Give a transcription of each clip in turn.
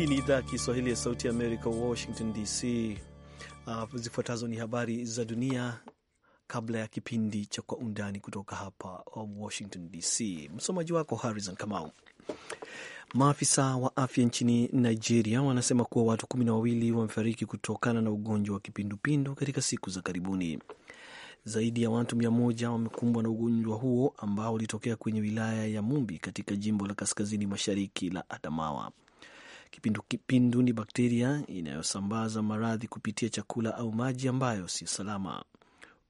Hii ni idhaa ya Kiswahili ya Sauti ya Amerika, Washington DC. Uh, zifuatazo ni habari za dunia kabla ya kipindi cha Kwa Undani kutoka hapa uh, Washington DC. Msomaji wako Harrison Kamau. Maafisa wa afya nchini Nigeria wanasema kuwa watu kumi na wawili wamefariki kutokana na ugonjwa wa kipindupindu katika siku za karibuni. Zaidi ya watu mia moja wamekumbwa na ugonjwa huo ambao ulitokea kwenye wilaya ya Mumbi katika jimbo la kaskazini mashariki la Adamawa. Kipindukipindu ni bakteria inayosambaza maradhi kupitia chakula au maji ambayo si salama.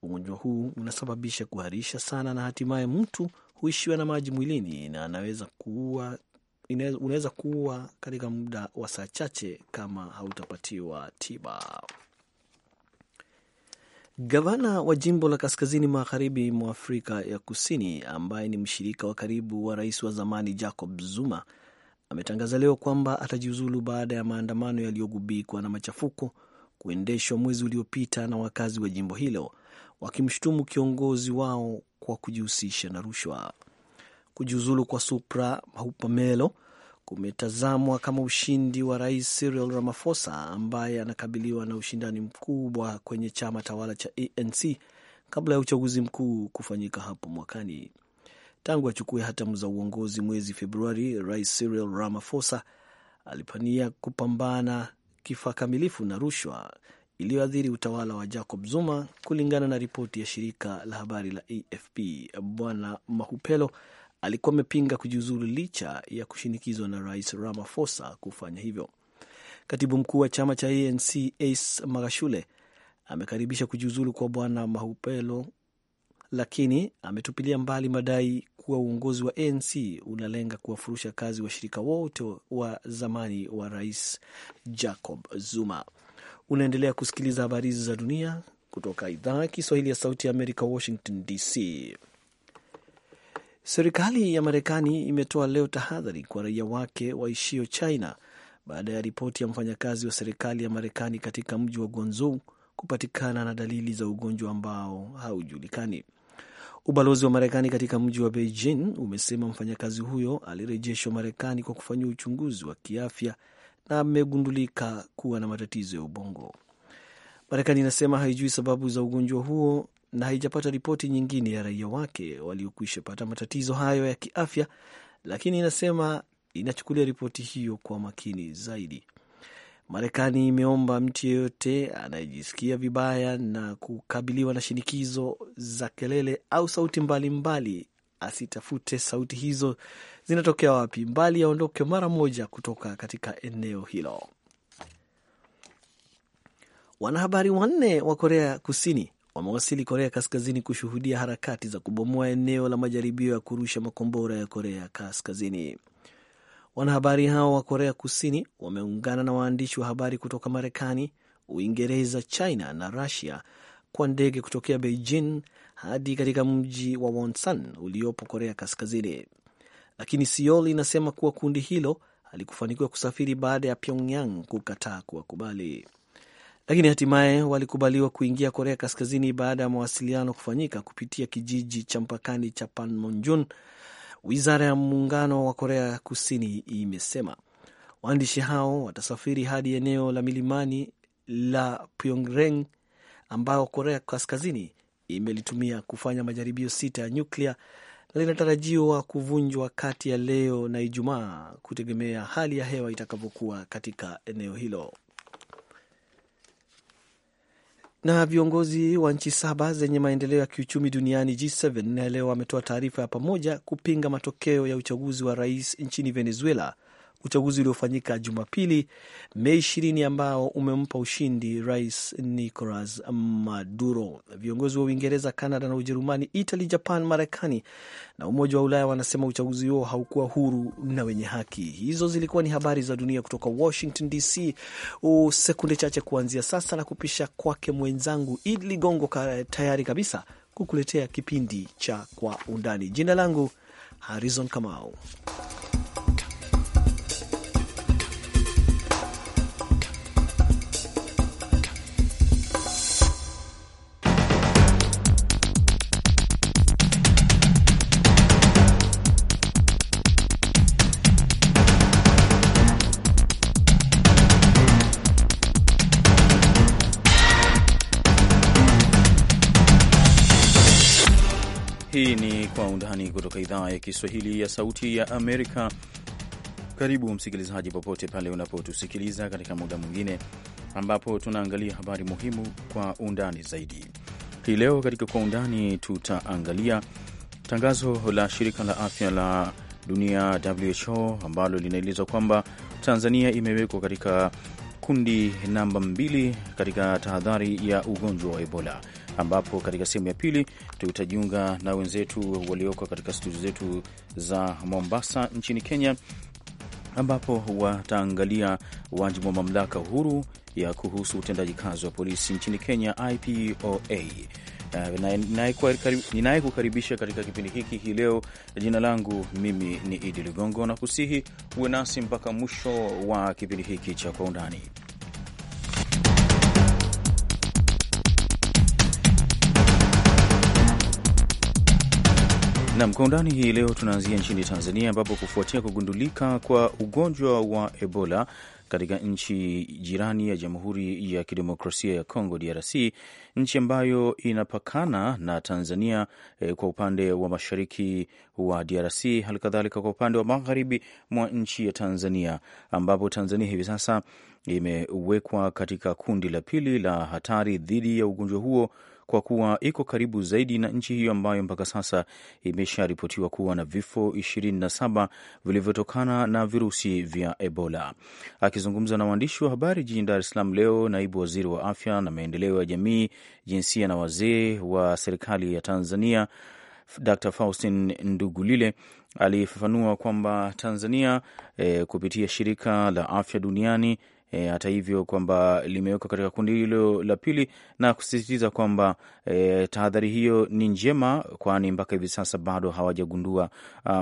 Ugonjwa huu unasababisha kuharisha sana na hatimaye mtu huishiwa na maji mwilini na anaweza kuua, unaweza kuua katika muda wa saa chache kama hautapatiwa tiba. Gavana wa jimbo la kaskazini magharibi mwa Afrika ya Kusini ambaye ni mshirika wa karibu wa rais wa zamani Jacob Zuma ametangaza leo kwamba atajiuzulu baada ya maandamano yaliyogubikwa na machafuko kuendeshwa mwezi uliopita na wakazi wa jimbo hilo wakimshutumu kiongozi wao kwa kujihusisha na rushwa. Kujiuzulu kwa Supra Mahupamelo kumetazamwa kama ushindi wa rais Cyril Ramaphosa ambaye anakabiliwa na ushindani mkubwa kwenye chama tawala cha ANC kabla ya uchaguzi mkuu kufanyika hapo mwakani. Tangu achukue hatamu za uongozi mwezi Februari, Rais Cyril Ramaphosa alipania kupambana kifakamilifu na rushwa iliyoathiri utawala wa Jacob Zuma, kulingana na ripoti ya shirika la habari la AFP. Bwana Mahupelo alikuwa amepinga kujiuzulu licha ya kushinikizwa na Rais Ramaphosa kufanya hivyo. Katibu mkuu wa chama cha ANC Ace Magashule amekaribisha kujiuzulu kwa Bwana Mahupelo lakini ametupilia mbali madai kuwa uongozi wa ANC unalenga kuwafurusha kazi washirika wote wa zamani wa rais Jacob Zuma. Unaendelea kusikiliza habari hizi za dunia kutoka idhaa ya Kiswahili ya Sauti ya Amerika, Washington DC. Serikali ya Marekani imetoa leo tahadhari kwa raia wake waishio China baada ya ripoti ya mfanyakazi wa serikali ya Marekani katika mji wa Guangzhou kupatikana na dalili za ugonjwa ambao haujulikani. Ubalozi wa Marekani katika mji wa Beijing umesema mfanyakazi huyo alirejeshwa Marekani kwa kufanyia uchunguzi wa kiafya na amegundulika kuwa na matatizo ya ubongo. Marekani inasema haijui sababu za ugonjwa huo na haijapata ripoti nyingine ya raia wake waliokwisha pata matatizo hayo ya kiafya, lakini inasema inachukulia ripoti hiyo kwa makini zaidi. Marekani imeomba mtu yeyote anayejisikia vibaya na kukabiliwa na shinikizo za kelele au sauti mbalimbali mbali, asitafute sauti hizo zinatokea wapi, mbali aondoke mara moja kutoka katika eneo hilo. Wanahabari wanne wa Korea Kusini wamewasili Korea Kaskazini kushuhudia harakati za kubomoa eneo la majaribio ya kurusha makombora ya Korea Kaskazini. Wanahabari hao wa Korea Kusini wameungana na waandishi wa habari kutoka Marekani, Uingereza, China na Rusia kwa ndege kutokea Beijing hadi katika mji wa Wonsan uliopo Korea Kaskazini, lakini Seoul inasema kuwa kundi hilo halikufanikiwa kusafiri baada ya Pyongyang kukataa kuwakubali, lakini hatimaye walikubaliwa kuingia Korea Kaskazini baada ya mawasiliano kufanyika kupitia kijiji cha mpakani cha Panmunjom wizara ya muungano wa Korea Kusini imesema. Waandishi hao watasafiri hadi eneo la milimani la pyongren ambayo Korea Kaskazini imelitumia kufanya majaribio sita ya nyuklia na linatarajiwa kuvunjwa kati ya leo na Ijumaa kutegemea hali ya hewa itakavyokuwa katika eneo hilo. Na viongozi wa nchi saba zenye maendeleo ya kiuchumi duniani G7 leo wametoa taarifa ya pamoja kupinga matokeo ya uchaguzi wa rais nchini Venezuela uchaguzi uliofanyika Jumapili Mei ishirini ambao umempa ushindi Rais Nicolas Maduro. Viongozi wa Uingereza, Canada na Ujerumani, Italy, Japan, Marekani na Umoja wa Ulaya wanasema uchaguzi huo haukuwa huru na wenye haki. Hizo zilikuwa ni habari za dunia kutoka Washington DC. Sekunde chache kuanzia sasa na kupisha kwake mwenzangu Id Ligongo tayari kabisa kukuletea kipindi cha Kwa Undani. Jina langu harizon Kamau. idhaa ya Kiswahili ya Sauti ya Amerika. Karibu msikilizaji, popote pale unapotusikiliza katika muda mwingine ambapo tunaangalia habari muhimu kwa undani zaidi. Hii leo katika kwa undani tutaangalia tangazo la shirika la afya la dunia WHO ambalo linaelezwa kwamba Tanzania imewekwa katika kundi namba mbili katika tahadhari ya ugonjwa wa Ebola ambapo katika sehemu ya pili tutajiunga na wenzetu walioko katika studio zetu za Mombasa nchini Kenya ambapo wataangalia wajibu wa mamlaka huru ya kuhusu utendaji kazi wa polisi nchini Kenya, IPOA. Eh, Ninayekukaribisha katika kipindi hiki hii leo, jina langu mimi ni Idi Ligongo, na kusihi uwe nasi mpaka mwisho wa kipindi hiki cha Kwa Undani. Nam kwa undani hii leo, tunaanzia nchini Tanzania ambapo kufuatia kugundulika kwa ugonjwa wa Ebola katika nchi jirani ya Jamhuri ya Kidemokrasia ya Kongo, DRC, nchi ambayo inapakana na Tanzania eh, kwa upande wa mashariki wa DRC, halikadhalika kwa upande wa magharibi mwa nchi ya Tanzania, ambapo Tanzania hivi sasa imewekwa katika kundi la pili la hatari dhidi ya ugonjwa huo kwa kuwa iko karibu zaidi na nchi hiyo ambayo mpaka sasa imesharipotiwa kuwa na vifo 27 vilivyotokana na virusi vya Ebola. Akizungumza na waandishi wa habari jijini Dar es Salaam leo, naibu waziri wa afya na maendeleo ya jamii, jinsia na wazee wa serikali ya Tanzania Dr. Faustin Ndugulile alifafanua kwamba Tanzania e, kupitia shirika la afya duniani e, hata hivyo kwamba limewekwa katika kundi hilo la pili na kusisitiza kwamba e, tahadhari hiyo ni njema, kwani mpaka hivi sasa bado hawajagundua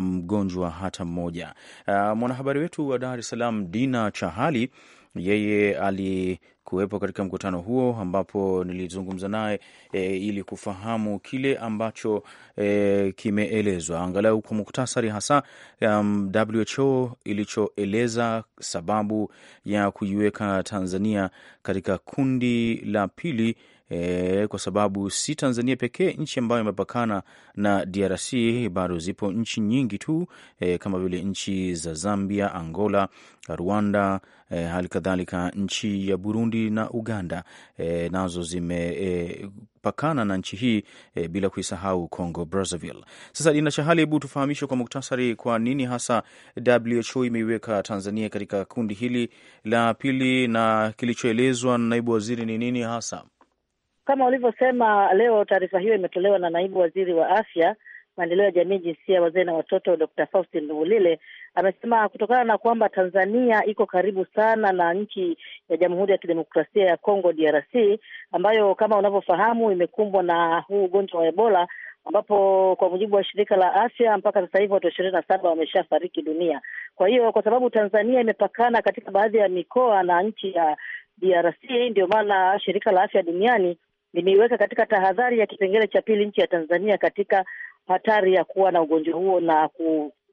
mgonjwa um, hata mmoja. Uh, mwanahabari wetu wa Dar es Salaam Dina Chahali yeye ali kuwepo katika mkutano huo ambapo nilizungumza naye e, ili kufahamu kile ambacho e, kimeelezwa angalau kwa muktasari hasa um, WHO ilichoeleza sababu ya kuiweka Tanzania katika kundi la pili e, kwa sababu si Tanzania pekee nchi ambayo imepakana na DRC, bado zipo nchi nyingi tu e, kama vile nchi za Zambia, Angola, Rwanda, e, hali kadhalika nchi ya Burundi na Uganda e, nazo zimepakana e, na nchi hii e, bila kuisahau Congo Brazzaville. Sasa Dina Chahali, hebu tufahamishe kwa muktasari, kwa nini hasa WHO imeiweka Tanzania katika kundi hili la pili na kilichoelezwa na naibu waziri ni nini hasa? Kama ulivyosema, leo taarifa hiyo imetolewa na naibu waziri wa afya, maendeleo ya jamii, jinsia, wazee na watoto, Dr. Faustin Ndugulile amesema kutokana na kwamba Tanzania iko karibu sana na nchi ya Jamhuri ya Kidemokrasia ya Kongo DRC, ambayo kama unavyofahamu imekumbwa na huu ugonjwa wa Ebola ambapo kwa mujibu wa shirika la afya mpaka sasa hivi watu ishirini na saba wameshafariki dunia. Kwa hiyo kwa sababu Tanzania imepakana katika baadhi ya mikoa na nchi ya DRC, ndio maana shirika la afya duniani limeiweka katika tahadhari ya kipengele cha pili nchi ya Tanzania katika hatari ya kuwa na ugonjwa huo na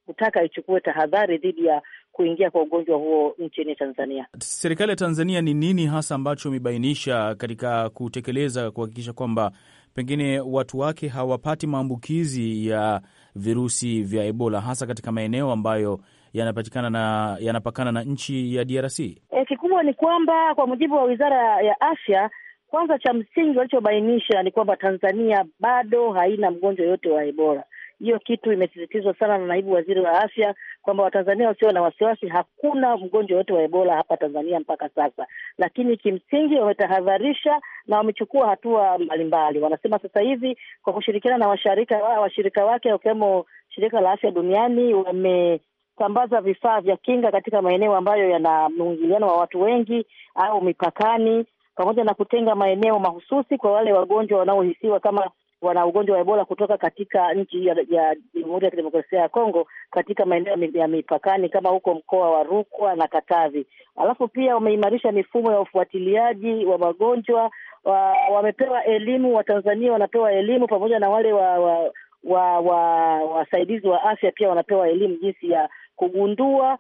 kutaka ichukue tahadhari dhidi ya kuingia kwa ugonjwa huo nchini Tanzania. Serikali ya Tanzania ni nini hasa ambacho imebainisha katika kutekeleza kuhakikisha kwamba pengine watu wake hawapati maambukizi ya virusi vya Ebola hasa katika maeneo ambayo yanapatikana na yanapakana na nchi ya DRC? E, eh, kikubwa ni kwamba kwa mujibu wa Wizara ya Afya kwanza cha msingi walichobainisha ni kwamba Tanzania bado haina mgonjwa yoyote wa Ebola. Hiyo kitu imesisitizwa sana na naibu waziri wa afya kwamba Watanzania wasiwe na wasiwasi, hakuna mgonjwa wote wa Ebola hapa Tanzania mpaka sasa. Lakini kimsingi wametahadharisha na wamechukua hatua mbalimbali. Wanasema sasa hivi kwa kushirikiana na washirika washirika wake wakiwemo shirika la afya duniani wame sambaza vifaa vya kinga katika maeneo ambayo yana mwingiliano wa watu wengi au mipakani, pamoja na kutenga maeneo mahususi kwa wale wagonjwa wanaohisiwa kama wana ugonjwa wa Ebola kutoka katika nchi ya Jamhuri ya Kidemokrasia ya Kongo katika maeneo ya mipakani kama huko mkoa wa Rukwa na Katavi. Alafu pia wameimarisha mifumo ya ufuatiliaji wa magonjwa wa, wamepewa elimu, Watanzania wanapewa elimu pamoja na wale wa, wa, wa, wa wasaidizi wa afya pia wanapewa elimu jinsi ya kugundua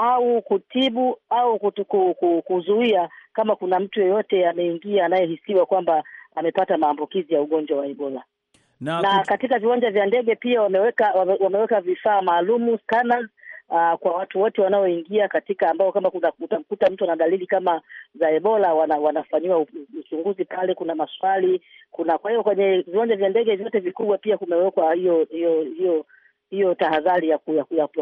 au kutibu au kutuku, kuzuia kama kuna mtu yeyote ameingia anayehisiwa kwamba amepata maambukizi ya ugonjwa wa Ebola na, na katika viwanja vya ndege pia wameweka wameweka vifaa maalumu scanners Uh, kwa watu wote wanaoingia katika ambao kama kuna utamkuta mtu ana dalili kama za Ebola wana, wanafanyiwa uchunguzi pale, kuna maswali kuna. Kwa hiyo kwenye viwanja vya ndege vyote vikubwa pia kumewekwa hiyo hiyo hiyo hiyo tahadhari ya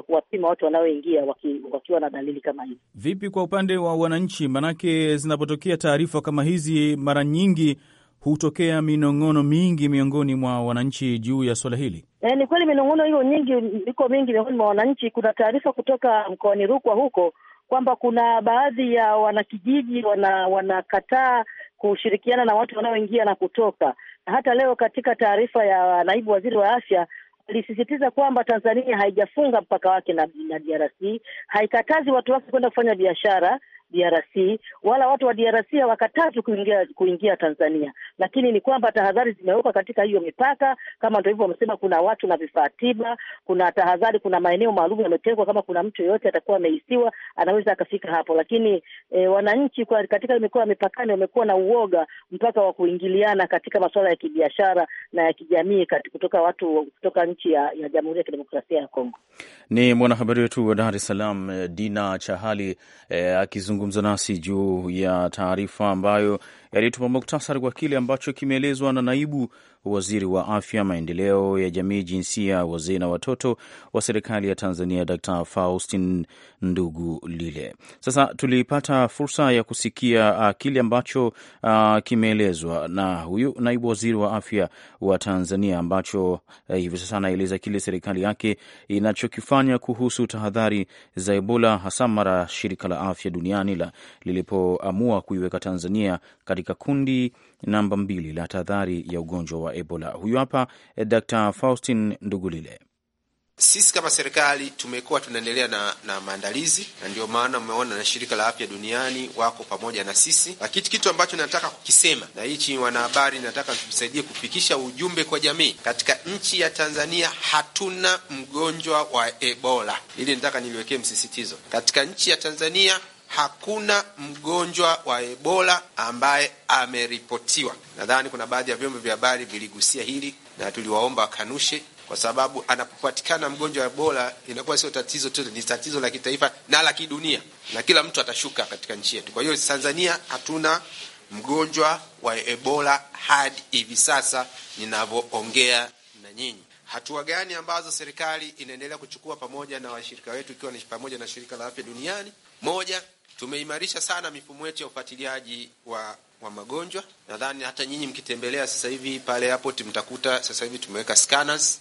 kuwapima watu wanaoingia waki, wakiwa na dalili kama hizi. Vipi kwa upande wa wananchi? Maanake zinapotokea taarifa kama hizi, mara nyingi hutokea minong'ono mingi miongoni mwa wananchi juu ya swala hili. E, ni kweli minong'ono hiyo nyingi iko mingi miongoni mwa wananchi. Kuna taarifa kutoka mkoani Rukwa huko kwamba kuna baadhi ya wanakijiji wana wanakataa kushirikiana na watu wanaoingia na kutoka. Hata leo katika taarifa ya naibu waziri wa afya alisisitiza kwamba Tanzania haijafunga mpaka wake na, na DRC, haikatazi watu wake kwenda kufanya biashara DRC wala watu wa DRC hawakatazwi kuingia kuingia Tanzania, lakini ni kwamba tahadhari zimewekwa katika hiyo mipaka. Kama ndio hivyo wamesema, kuna watu na vifaa tiba, kuna tahadhari, kuna maeneo maalum yametengwa, kama kuna mtu yeyote atakuwa ameisiwa anaweza akafika hapo. Lakini e, wananchi kwa katika mikoa ya mipakani wamekuwa na uoga mpaka wa kuingiliana katika masuala ya kibiashara na ya kijamii kutoka watu kutoka nchi ya, ya Jamhuri ya Kidemokrasia ya Kongo. Ni mwanahabari wetu wa Dar es Salaam eh, Dina Chahali eh, akizungumza kuzungumza nasi juu ya taarifa ambayo yaliyotupa muktasari kwa kile ambacho kimeelezwa na naibu waziri wa afya, maendeleo ya jamii, jinsia, wazee na watoto wa serikali ya Tanzania, Dr Faustin Ndugu Lile. Sasa tulipata fursa ya kusikia uh, kile ambacho uh, kimeelezwa na huyu naibu waziri wa afya wa Tanzania, ambacho uh, hivi sasa anaeleza kile serikali yake inachokifanya kuhusu tahadhari za Ebola, hasa mara shirika la afya duniani lilipoamua kuiweka Tanzania katika katika kundi namba mbili la tahadhari ya ugonjwa wa Ebola. Huyu hapa eh, Dr. Faustin Ndugulile. Sisi kama serikali tumekuwa tunaendelea na, na maandalizi na ndio maana umeona na shirika la afya duniani wako pamoja na sisi, lakini kitu ambacho nataka kukisema na hichi, wanahabari, nataka tusaidie kufikisha ujumbe kwa jamii. Katika nchi ya Tanzania hatuna mgonjwa wa Ebola, ili nataka niliwekee msisitizo. Katika nchi ya Tanzania hakuna mgonjwa wa Ebola ambaye ameripotiwa. Nadhani kuna baadhi ya vyombo vya habari viligusia hili na tuliwaomba wakanushe, kwa sababu anapopatikana mgonjwa wa Ebola inakuwa sio tatizo tu, ni tatizo la kitaifa na la kidunia, na kila mtu atashuka katika nchi yetu. Kwa hiyo Tanzania hatuna mgonjwa wa Ebola hadi hivi sasa ninavyoongea na nyinyi. Hatua gani ambazo serikali inaendelea kuchukua pamoja na washirika wetu, ikiwa ni pamoja na shirika la afya duniani? Moja, Tumeimarisha sana mifumo yetu ya ufuatiliaji wa wa magonjwa. Nadhani hata nyinyi mkitembelea sasa hivi pale airport mtakuta sasa hivi tumeweka scanners.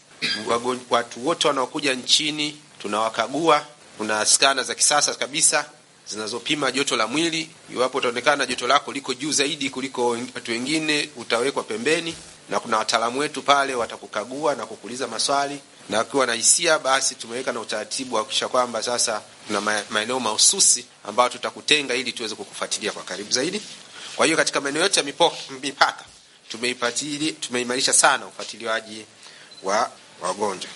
Watu wote wanaokuja nchini tunawakagua. Kuna skana za kisasa kabisa zinazopima joto la mwili. Iwapo utaonekana joto lako liko juu zaidi kuliko watu wengine, utawekwa pembeni, na kuna wataalamu wetu pale watakukagua na kukuuliza maswali na akiwa na hisia basi tumeweka na utaratibu kuhakikisha kwamba sasa kuna maeneo mahususi ambayo tutakutenga ili tuweze kukufuatilia kwa karibu zaidi. Kwa hiyo katika maeneo yote ya mipaka tumeipatili tumeimarisha sana ufuatiliaji wa wagonjwa,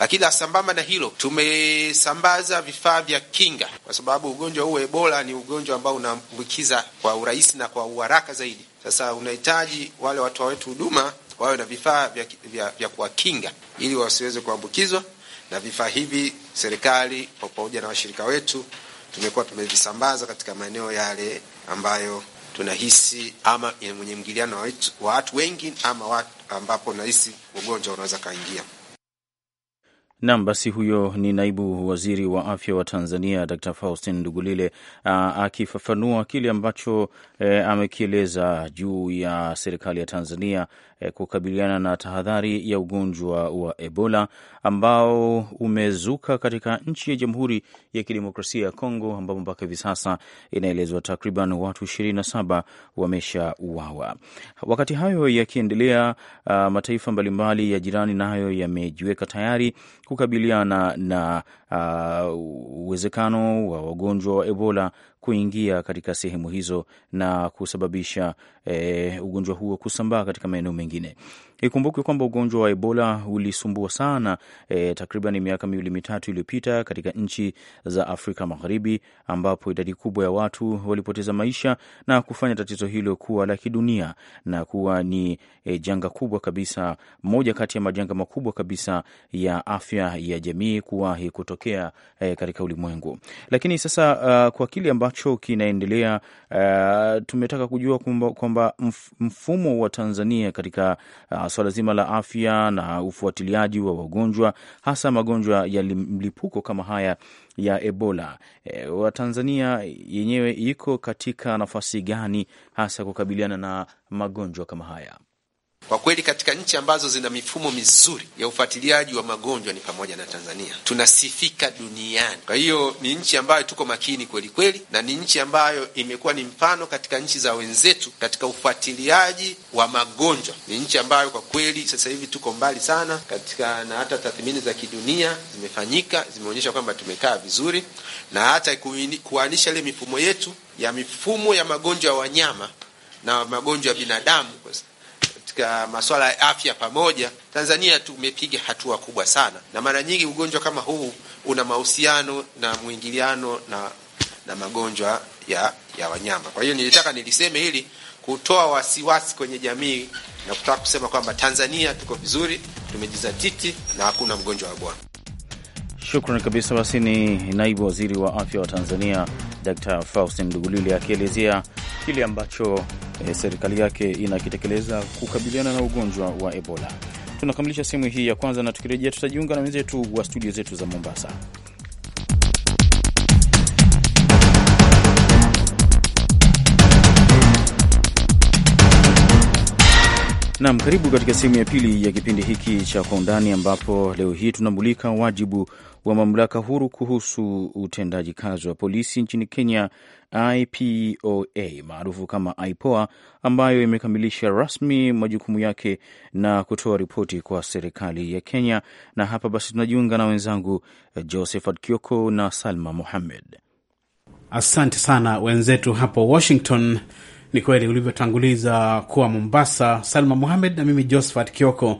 lakini sambamba na hilo tumesambaza vifaa vya kinga, kwa sababu ugonjwa huu Ebola ni ugonjwa ambao unaambukiza kwa urahisi na kwa uharaka zaidi. Sasa unahitaji wale watoa wetu huduma wawe na vifaa vya, vya, vya kuwakinga ili wasiweze kuambukizwa. Na vifaa hivi serikali kwa pamoja na washirika wetu tumekuwa tumevisambaza katika maeneo yale ambayo tunahisi ama mwenye mgiliano wa watu wengi ama watu ambapo nahisi ugonjwa unaweza kaingia. Nam, basi huyo ni naibu waziri wa afya wa Tanzania Dr. Faustin Ndugulile akifafanua kile ambacho e, amekieleza juu ya serikali ya Tanzania Eh, kukabiliana na tahadhari ya ugonjwa wa Ebola ambao umezuka katika nchi ya Jamhuri ya Kidemokrasia ya Kongo, ambapo mpaka hivi sasa inaelezwa takriban watu 27 wameshauawa. Wakati hayo yakiendelea, uh, mataifa mbalimbali ya jirani nayo yamejiweka tayari kukabiliana na ah, uwezekano uh, wa wagonjwa wa Ebola kuingia katika sehemu hizo na kusababisha e, ugonjwa huo kusambaa katika maeneo mengine. Ikumbukwe kwamba ugonjwa wa Ebola ulisumbua sana e, takriban miaka miwili mitatu iliyopita katika nchi za Afrika Magharibi, ambapo idadi kubwa ya watu walipoteza maisha na kufanya tatizo hilo kuwa la kidunia na kuwa ni e, janga kubwa kabisa, moja kati ya majanga makubwa kabisa ya afya ya jamii kuwahi kutokea e, katika ulimwengu. Lakini sasa uh, kwa kile ambacho kinaendelea uh, tumetaka kujua kwamba mfumo wa Tanzania katika uh, swala zima la afya na ufuatiliaji wa wagonjwa, hasa magonjwa ya mlipuko kama haya ya Ebola. E, Watanzania yenyewe iko katika nafasi gani hasa kukabiliana na magonjwa kama haya? Kwa kweli katika nchi ambazo zina mifumo mizuri ya ufuatiliaji wa magonjwa ni pamoja na Tanzania, tunasifika duniani. Kwa hiyo ni nchi ambayo tuko makini kweli kweli, na ni nchi ambayo imekuwa ni mfano katika nchi za wenzetu katika ufuatiliaji wa magonjwa. Ni nchi ambayo kwa kweli sasa hivi tuko mbali sana katika, na hata tathmini za kidunia zimefanyika zimeonyesha kwamba tumekaa vizuri, na hata kuanisha ile mifumo yetu ya mifumo ya magonjwa ya wanyama na magonjwa ya binadamu katika masuala ya afya pamoja, Tanzania tumepiga hatua kubwa sana, na mara nyingi ugonjwa kama huu una mahusiano na mwingiliano na, na magonjwa ya, ya wanyama. Kwa hiyo nilitaka niliseme hili kutoa wasiwasi kwenye jamii na kutaka kusema kwamba Tanzania tuko vizuri, tumejizatiti na hakuna mgonjwa wa bwana. Shukran kabisa. Basi ni naibu waziri wa afya wa Tanzania Dr Faustin Ndugulili akielezea kile ambacho eh, serikali yake inakitekeleza kukabiliana na ugonjwa wa Ebola. Tunakamilisha sehemu hii ya kwanza, na tukirejea tutajiunga na wenzetu wa studio zetu za Mombasa. Nam, karibu katika sehemu ya pili ya kipindi hiki cha Kwa Undani, ambapo leo hii tunamulika wajibu wa mamlaka huru kuhusu utendaji kazi wa polisi nchini Kenya, IPOA maarufu kama IPOA, ambayo imekamilisha rasmi majukumu yake na kutoa ripoti kwa serikali ya Kenya. Na hapa basi tunajiunga na wenzangu eh, Josephat Kioko na Salma Mohamed. Asante sana wenzetu hapo Washington. Ni kweli ulivyotanguliza kuwa Mombasa, Salma Mohamed na mimi Josephat Kioko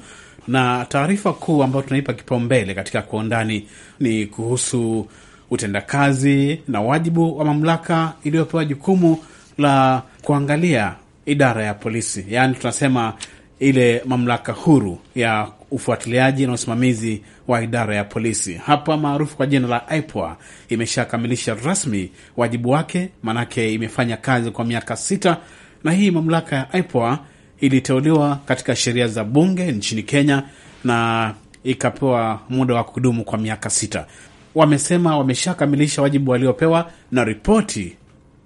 na taarifa kuu ambayo tunaipa kipaumbele katika kwa undani ni kuhusu utendakazi na wajibu wa mamlaka iliyopewa jukumu la kuangalia idara ya polisi, yaani tunasema ile mamlaka huru ya ufuatiliaji na usimamizi wa idara ya polisi hapa maarufu kwa jina la IPOA imeshakamilisha rasmi wajibu wake, maanake imefanya kazi kwa miaka sita, na hii mamlaka ya IPOA iliteuliwa katika sheria za bunge nchini Kenya na ikapewa muda wa kudumu kwa miaka sita. Wamesema wameshakamilisha wajibu waliopewa na ripoti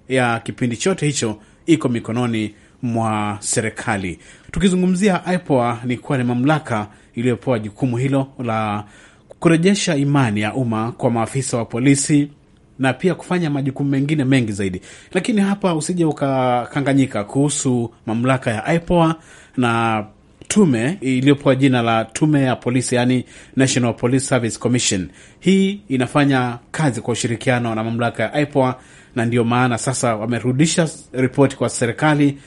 ya kipindi chote hicho iko mikononi mwa serikali. Tukizungumzia IPOA ni kuwa ni mamlaka iliyopewa jukumu hilo la kurejesha imani ya umma kwa maafisa wa polisi, na pia kufanya majukumu mengine mengi zaidi. Lakini hapa usije ukakanganyika kuhusu mamlaka ya IPOA na tume iliyopewa jina la tume ya polisi, yani National Police Service Commission. Hii inafanya kazi kwa ushirikiano na mamlaka ya IPOA, na ndiyo maana sasa wamerudisha ripoti kwa serikali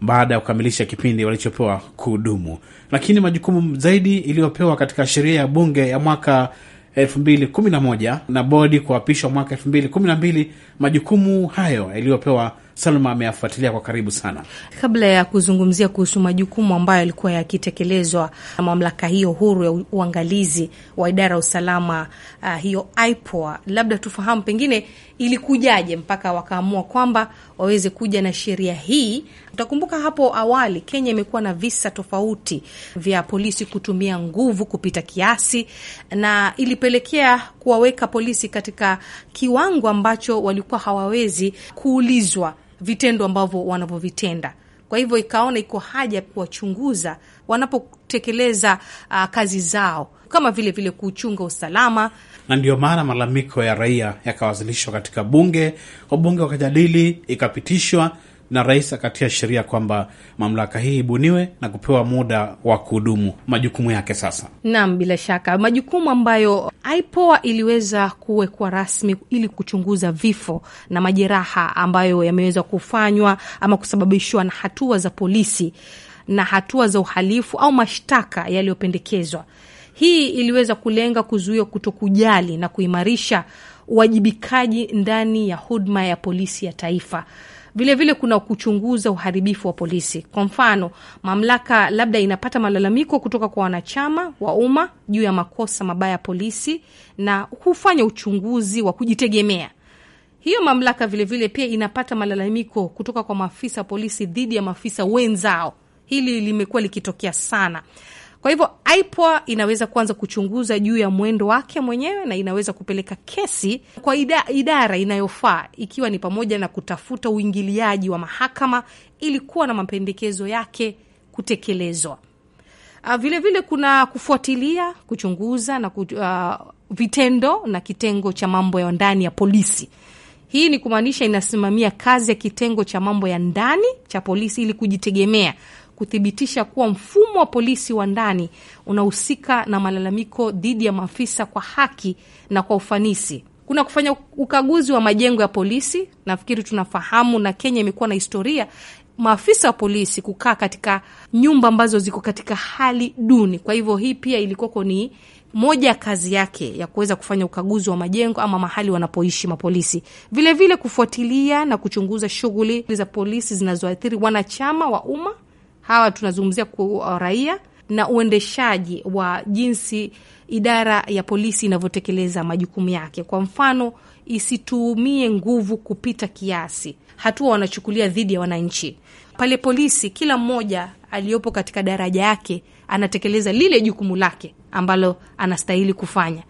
baada ya kukamilisha kipindi walichopewa kuhudumu. Lakini majukumu zaidi iliyopewa katika sheria ya bunge ya mwaka 2011 na bodi kuapishwa mwaka 2012, majukumu hayo yaliyopewa Salma ameyafuatilia kwa karibu sana. Kabla ya kuzungumzia kuhusu majukumu ambayo yalikuwa yakitekelezwa na mamlaka hiyo huru ya uangalizi wa idara ya usalama uh, hiyo IPOA, labda tufahamu pengine ilikujaje mpaka wakaamua kwamba waweze kuja na sheria hii. Utakumbuka hapo awali Kenya imekuwa na visa tofauti vya polisi kutumia nguvu kupita kiasi, na ilipelekea kuwaweka polisi katika kiwango ambacho walikuwa hawawezi kuulizwa vitendo ambavyo wanavyovitenda. Kwa hivyo ikaona iko haja ya kuwachunguza wanapotekeleza uh, kazi zao kama vile vile kuchunga usalama, na ndiyo maana malalamiko ya raia yakawasilishwa katika bunge, wabunge wakajadili, ikapitishwa na rais akatia sheria kwamba mamlaka hii ibuniwe na kupewa muda wa kuhudumu majukumu yake. Sasa naam, bila shaka majukumu ambayo IPOA iliweza kuwekwa rasmi ili kuchunguza vifo na majeraha ambayo yameweza kufanywa ama kusababishwa na hatua za polisi na hatua za uhalifu au mashtaka yaliyopendekezwa. Hii iliweza kulenga kuzuia kutokujali na kuimarisha uwajibikaji ndani ya huduma ya polisi ya taifa. Vilevile vile kuna kuchunguza uharibifu wa polisi. Kwa mfano, mamlaka labda inapata malalamiko kutoka kwa wanachama wa umma juu ya makosa mabaya ya polisi na hufanya uchunguzi wa kujitegemea. Hiyo mamlaka vilevile vile pia inapata malalamiko kutoka kwa maafisa polisi dhidi ya maafisa wenzao. Hili limekuwa likitokea sana. Kwa hivyo IPOA inaweza kuanza kuchunguza juu ya mwendo wake mwenyewe na inaweza kupeleka kesi kwa idara inayofaa, ikiwa ni pamoja na kutafuta uingiliaji wa mahakama ili kuwa na mapendekezo yake kutekelezwa. Vilevile ah, vile kuna kufuatilia, kuchunguza na kutu, uh, ah, vitendo na kitengo cha mambo ya ndani ya polisi. Hii ni kumaanisha inasimamia kazi ya kitengo cha mambo ya ndani cha polisi ili kujitegemea kuthibitisha kuwa mfumo wa polisi wa ndani unahusika na malalamiko dhidi ya maafisa kwa haki na kwa ufanisi. Kuna kufanya ukaguzi wa majengo ya polisi, nafikiri tunafahamu, na Kenya imekuwa na historia maafisa wa polisi kukaa katika nyumba ambazo ziko katika hali duni. Kwa hivyo hii pia ilikuwako ni moja ya kazi yake ya kuweza kufanya ukaguzi wa majengo ama mahali wanapoishi mapolisi, vilevile kufuatilia na kuchunguza shughuli za polisi zinazoathiri wanachama wa umma hawa tunazungumzia kwa uh, raia na uendeshaji wa jinsi idara ya polisi inavyotekeleza majukumu yake. Kwa mfano, isitumie nguvu kupita kiasi, hatua wanachukulia dhidi ya wananchi. Pale polisi, kila mmoja aliyopo katika daraja yake anatekeleza lile jukumu lake ambalo anastahili kufanya.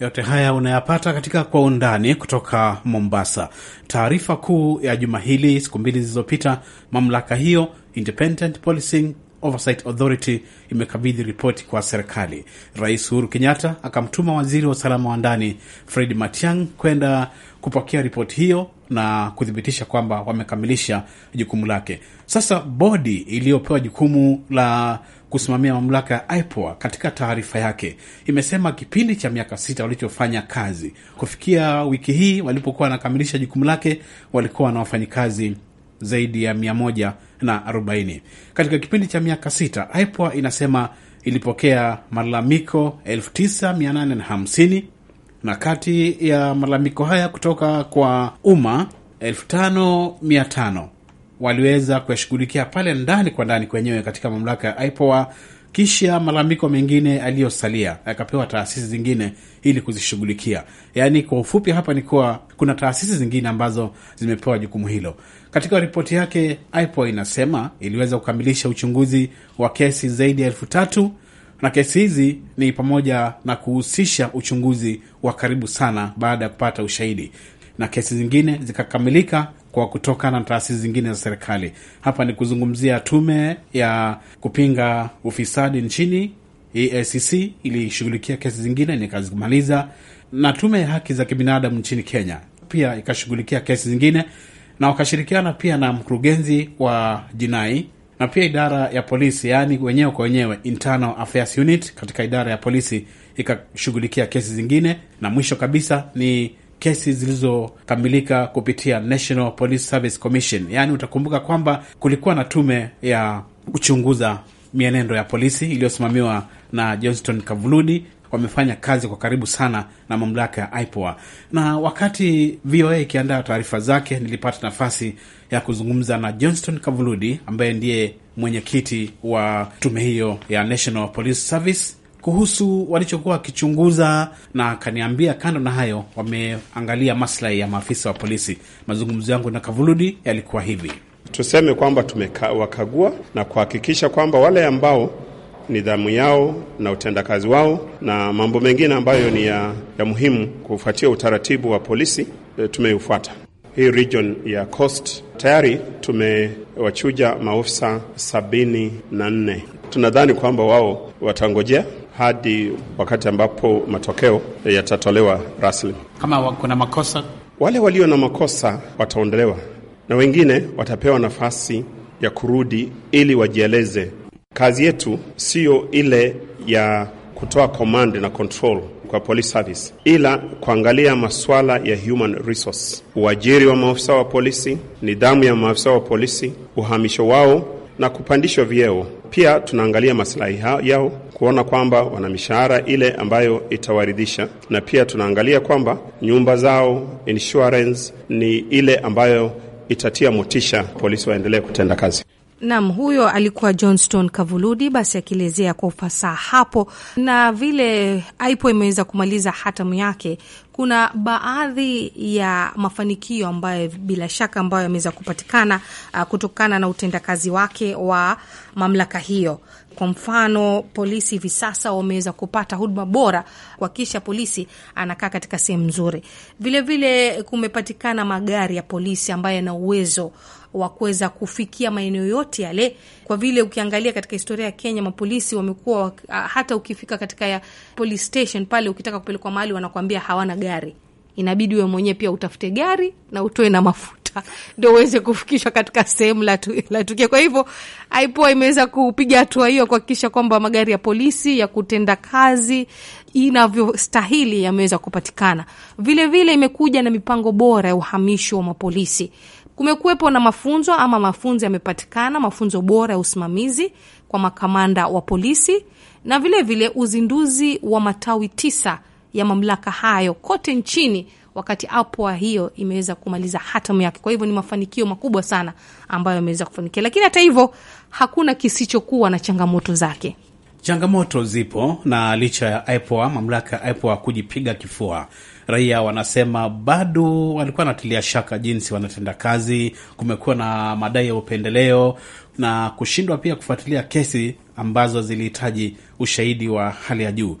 Yote haya unayapata katika Kwa Undani kutoka Mombasa. Taarifa kuu ya juma hili, siku mbili zilizopita, mamlaka hiyo Independent Policing Oversight Authority imekabidhi ripoti kwa serikali. Rais Uhuru Kenyatta akamtuma waziri wa usalama wa ndani Fred Matiang kwenda kupokea ripoti hiyo na kuthibitisha kwamba wamekamilisha jukumu lake. Sasa bodi iliyopewa jukumu la kusimamia mamlaka ya IPOA katika taarifa yake imesema kipindi cha miaka sita walichofanya kazi kufikia wiki hii walipokuwa wanakamilisha jukumu lake, walikuwa na wafanyikazi zaidi ya 140. Katika kipindi cha miaka sita, IPOA inasema ilipokea malalamiko 9850 na kati ya malalamiko haya kutoka kwa umma 5500 waliweza kuyashughulikia pale ndani kwa ndani kwenyewe katika mamlaka ya IPOA kisha malalamiko mengine aliyosalia akapewa taasisi zingine ili kuzishughulikia. Yaani, kwa ufupi hapa ni kuwa kuna taasisi zingine ambazo zimepewa jukumu hilo. Katika ripoti yake, IPOA inasema iliweza kukamilisha uchunguzi wa kesi zaidi ya elfu tatu na kesi hizi ni pamoja na kuhusisha uchunguzi wa karibu sana baada ya kupata ushahidi na kesi zingine zikakamilika kwa kutokana na taasisi zingine za serikali. Hapa ni kuzungumzia tume ya kupinga ufisadi nchini EACC, ilishughulikia kesi zingine nikazimaliza, na tume ya haki za kibinadamu nchini Kenya pia ikashughulikia kesi zingine, na wakashirikiana pia na mkurugenzi wa jinai na pia idara ya polisi, yaani wenyewe kwa wenyewe, internal affairs unit katika idara ya polisi ikashughulikia kesi zingine, na mwisho kabisa ni kesi zilizokamilika kupitia National Police Service Commission. Yaani, utakumbuka kwamba kulikuwa na tume ya kuchunguza mienendo ya polisi iliyosimamiwa na Johnston Kavuludi. Wamefanya kazi kwa karibu sana na mamlaka ya IPOA, na wakati VOA ikiandaa taarifa zake, nilipata nafasi ya kuzungumza na Johnston Kavuludi ambaye ndiye mwenyekiti wa tume hiyo ya National Police Service kuhusu walichokuwa wakichunguza, na akaniambia kando na hayo, wameangalia maslahi ya maafisa wa polisi. Mazungumzo yangu na Kavuludi yalikuwa hivi: tuseme kwamba tumewakagua na kuhakikisha kwamba wale ambao nidhamu yao na utendakazi wao na mambo mengine ambayo ni ya, ya muhimu kufuatia utaratibu wa polisi e, tumeufuata. hii region ya Coast. Tayari tumewachuja maofisa sabini na nne. Tunadhani kwamba wao watangojea hadi wakati ambapo matokeo yatatolewa rasmi. Kama kuna makosa, wale walio na makosa wataondolewa na wengine watapewa nafasi ya kurudi ili wajieleze. Kazi yetu siyo ile ya kutoa command na control kwa police service, ila kuangalia masuala ya human resource, uajiri wa maafisa wa polisi, nidhamu ya maafisa wa polisi, uhamisho wao na kupandishwa vyeo. Pia tunaangalia masilahi yao kuona kwamba wana mishahara ile ambayo itawaridhisha, na pia tunaangalia kwamba nyumba zao, insurance ni ile ambayo itatia motisha polisi waendelee kutenda kazi. Nam, huyo alikuwa Johnston Kavuludi, basi akielezea kwa ufasaha hapo, na vile aipo imeweza kumaliza hatamu yake. Kuna baadhi ya mafanikio ambayo bila shaka ambayo yameweza kupatikana uh, kutokana na utendakazi wake wa mamlaka hiyo. Kwa mfano, polisi hivi sasa wameweza kupata huduma bora, kuhakikisha polisi anakaa katika sehemu nzuri. Vilevile kumepatikana magari ya polisi ambayo yana uwezo wa kuweza kufikia maeneo yote yale, kwa vile ukiangalia katika historia ya Kenya mapolisi wamekuwa hata ukifika katika ya police station pale, ukitaka kupelekwa mahali wanakuambia hawana gari, inabidi wewe mwenyewe pia utafute gari na utoe na mafuta ndio uweze kufikishwa katika sehemu la tukio. Kwa hivyo IPOA imeweza kupiga hatua hiyo kuhakikisha kwamba magari ya polisi ya kutenda kazi inavyostahili yameweza kupatikana. Vilevile imekuja na mipango bora ya uhamisho wa mapolisi Kumekuwepo na mafunzo ama mafunzo yamepatikana, mafunzo bora ya usimamizi kwa makamanda wa polisi na vilevile vile uzinduzi wa matawi tisa ya mamlaka hayo kote nchini, wakati apwa hiyo imeweza kumaliza hatamu yake. Kwa hivyo ni mafanikio makubwa sana ambayo yameweza kufanikia, lakini hata hivyo hakuna kisichokuwa na changamoto zake. Changamoto zipo na licha ya IPOA mamlaka ya IPOA kujipiga kifua raia wanasema bado walikuwa wanatilia shaka jinsi wanatenda kazi. Kumekuwa na madai ya upendeleo na kushindwa pia kufuatilia kesi ambazo zilihitaji ushahidi wa hali ya juu.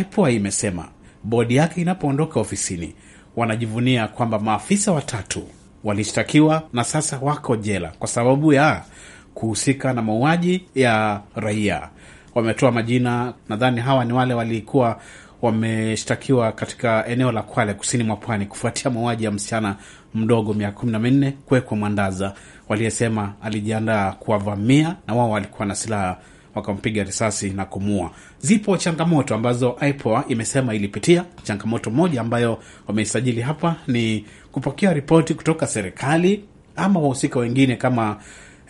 IPOA imesema bodi yake inapoondoka ofisini, wanajivunia kwamba maafisa watatu walishtakiwa na sasa wako jela kwa sababu ya kuhusika na mauaji ya raia. Wametoa majina, nadhani hawa ni wale walikuwa wameshtakiwa katika eneo la Kwale kusini mwa pwani kufuatia mauaji ya msichana mdogo miaka kumi na minne kuwekwa Mwandaza, waliyesema alijiandaa kuwavamia na wao walikuwa na silaha wakampiga risasi na kumua. Zipo changamoto ambazo IPOA imesema ilipitia. Changamoto moja ambayo wameisajili hapa ni kupokea ripoti kutoka serikali ama wahusika wengine kama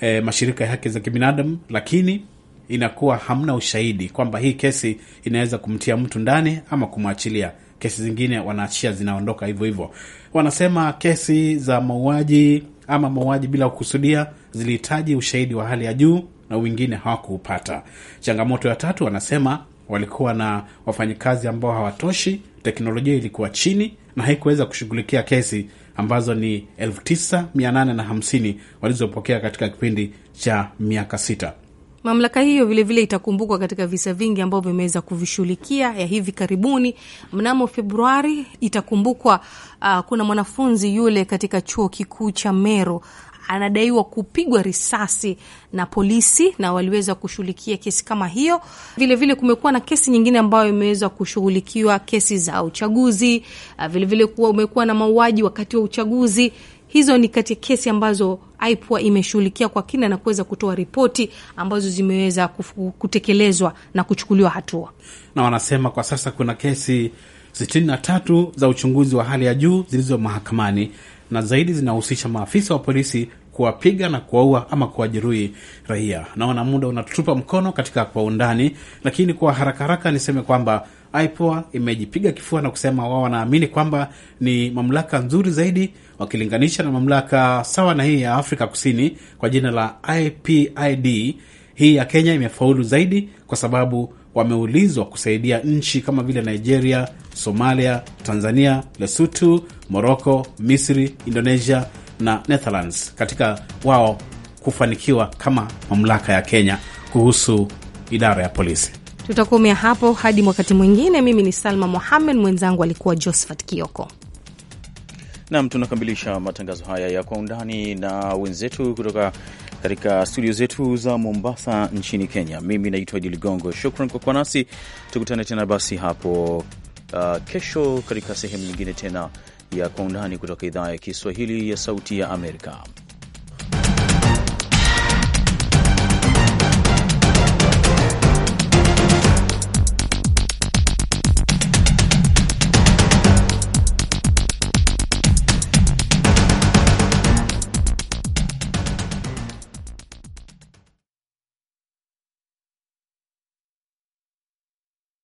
eh, mashirika ya haki za kibinadamu, lakini inakuwa hamna ushahidi kwamba hii kesi inaweza kumtia mtu ndani ama kumwachilia. Kesi zingine wanaachia zinaondoka hivyo hivyo. Wanasema kesi za mauaji ama mauaji bila kukusudia zilihitaji ushahidi wa hali ya juu na wengine hawakuupata. Changamoto ya tatu, wanasema walikuwa na wafanyikazi ambao hawatoshi, teknolojia ilikuwa chini na haikuweza kushughulikia kesi ambazo ni 9850 walizopokea katika kipindi cha miaka sita. Mamlaka hiyo vilevile vile itakumbukwa katika visa vingi ambavyo vimeweza kuvishughulikia ya hivi karibuni. Mnamo Februari itakumbukwa, uh, kuna mwanafunzi yule katika chuo kikuu cha Meru anadaiwa kupigwa risasi na polisi na waliweza kushughulikia kesi kama hiyo. Vilevile kumekuwa na kesi nyingine ambayo imeweza kushughulikiwa, kesi za uchaguzi vilevile, ah, kuwa umekuwa na mauaji wakati wa uchaguzi. Hizo ni kati ya kesi ambazo IPOA imeshughulikia kwa kina na kuweza kutoa ripoti ambazo zimeweza kutekelezwa na kuchukuliwa hatua. Na wanasema kwa sasa kuna kesi 63 za uchunguzi wa hali ya juu zilizo mahakamani na zaidi zinahusisha maafisa wa polisi kuwapiga na kuwaua ama kuwajeruhi raia. Naona muda unatutupa mkono katika kwa undani, lakini kwa haraka haraka niseme kwamba IPOA imejipiga kifua na kusema wao wanaamini kwamba ni mamlaka nzuri zaidi wakilinganisha na mamlaka sawa na hii ya Afrika Kusini kwa jina la IPID. Hii ya Kenya imefaulu zaidi kwa sababu wameulizwa kusaidia nchi kama vile Nigeria, Somalia, Tanzania, Lesotho, Morocco, Misri, Indonesia na Netherlands katika wao kufanikiwa kama mamlaka ya Kenya kuhusu idara ya polisi. Tutakomea hapo hadi wakati mwingine. Mimi ni Salma Mohamed, mwenzangu alikuwa Josephat Kioko. Nam, tunakamilisha matangazo haya ya kwa undani na wenzetu kutoka katika studio zetu za Mombasa nchini Kenya. Mimi naitwa Idi Ligongo, shukran kwa kuwa nasi. Tukutane tena basi hapo uh, kesho katika sehemu nyingine tena ya kwa undani kutoka idhaa ya Kiswahili ya Sauti ya Amerika.